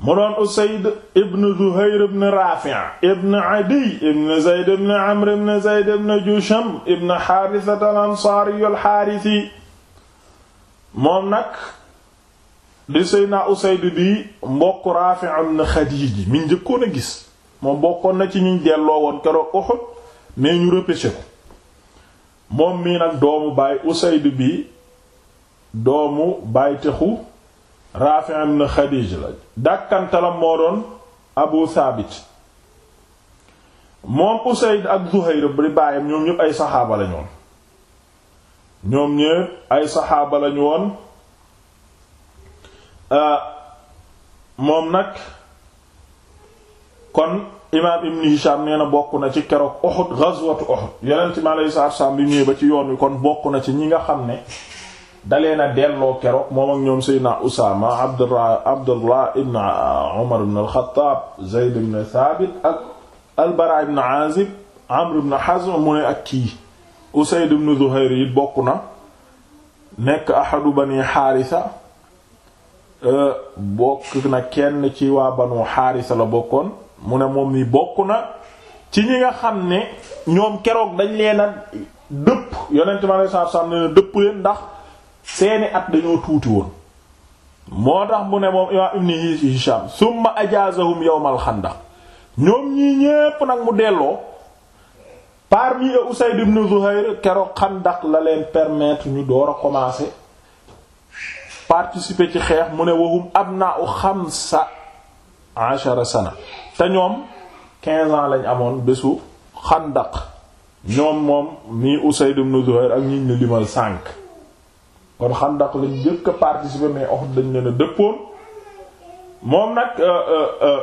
mu doon usayd ibn zuhayr ibn raafi' ibn adiy ibn zayd ibn amr ibn zayd ibn jusham ibn xaarisat al ansaari al moom nag di seydna usayd bi mbokk raafi' ibn xadiij mi njëkkoon a gis moom bokkoon na ci ñu delloo woon keroog Uhud mais ñu repêché ko moom mii nag doomu baay usayd bi doomu baay texu Raafi ibn Xadiij la dàkkantalam moo doon Abu Saabit moom Usayd ak Zuhayr bi baayam ñoom ñëpp ay saxaaba lañu woon saxaaba lañu woon euh, moom nag kon imaam Ibn Hisham nee na bokk na ci keroog Uhud ghazwatu Uhud yeneen ci ma lay saam bi ñëwee ba ci yoon wi kon bokk na ci ñi nga xam ne dalee na delloo keroog moom ak ñoom Seydina Usaama Abdullah Abdullah ibn Umar ibn al-Khattab Thabit ak al-Bara ibn Azib Amr ibn Hazm mu ne ak kii Usayd ibn Zuhayr yi bokk na nekk ahadu bani Haarisa e, bokk kenn ci waa banu Haarisa la bokkoon mu ne moom ni bokk ci ñi nga xam ne ñoom keroog dañ leen a dëpp yonent mi ne dëpp leen ndax seeni at dañoo tuuti woon moo tax mu ne moom imaam ibn Hisham summa ajaazahum yawmal xandaq ñoom ñii ñépp nag mu delloo parmi eux Usayd ibn Zuhayr keroog xandaq la leen permetre ñu door a commencer participer ci xeex mu ne wahum abna'u xamsa ashara sana te ñoom quinze ans lañ amoon bésu xandaq ñoom moom nii Usayd ibn Zuhayr ak ñiñ ne limal cinq kon xandax lañ jëkk a mais Uhud dañ leen a dëppoon moom nag euh, euh, euh,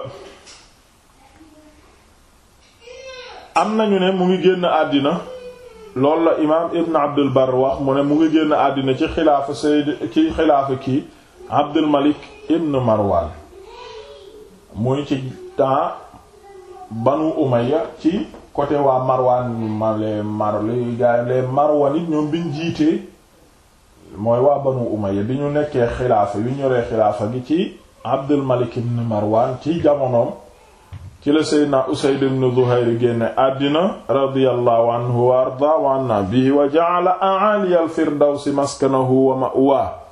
am nañu ne mu ngi génn àddina loolu la imaam Ibn Abdul Bar wax mu ne mu ngi génn àddina ci xilaafa Sayyid ci xilaafa kii Abdul Malik Ibn Marwan muy ci temps Banu Umayya ci côté waa Marwan ma les Mar ñoom biñ jiitee mooy waa banu umayya bi ñu nekkee xilaafa yu ñoree xilaafa gi ci abdul malik ibn marwan ci jamonoom ci la seydna usayd ibn zuhayr génne àddina radiyallahu anhu wa arda wa anna bihi wa ja'ala a'ali al firdawsi maskanahu wa ma'wa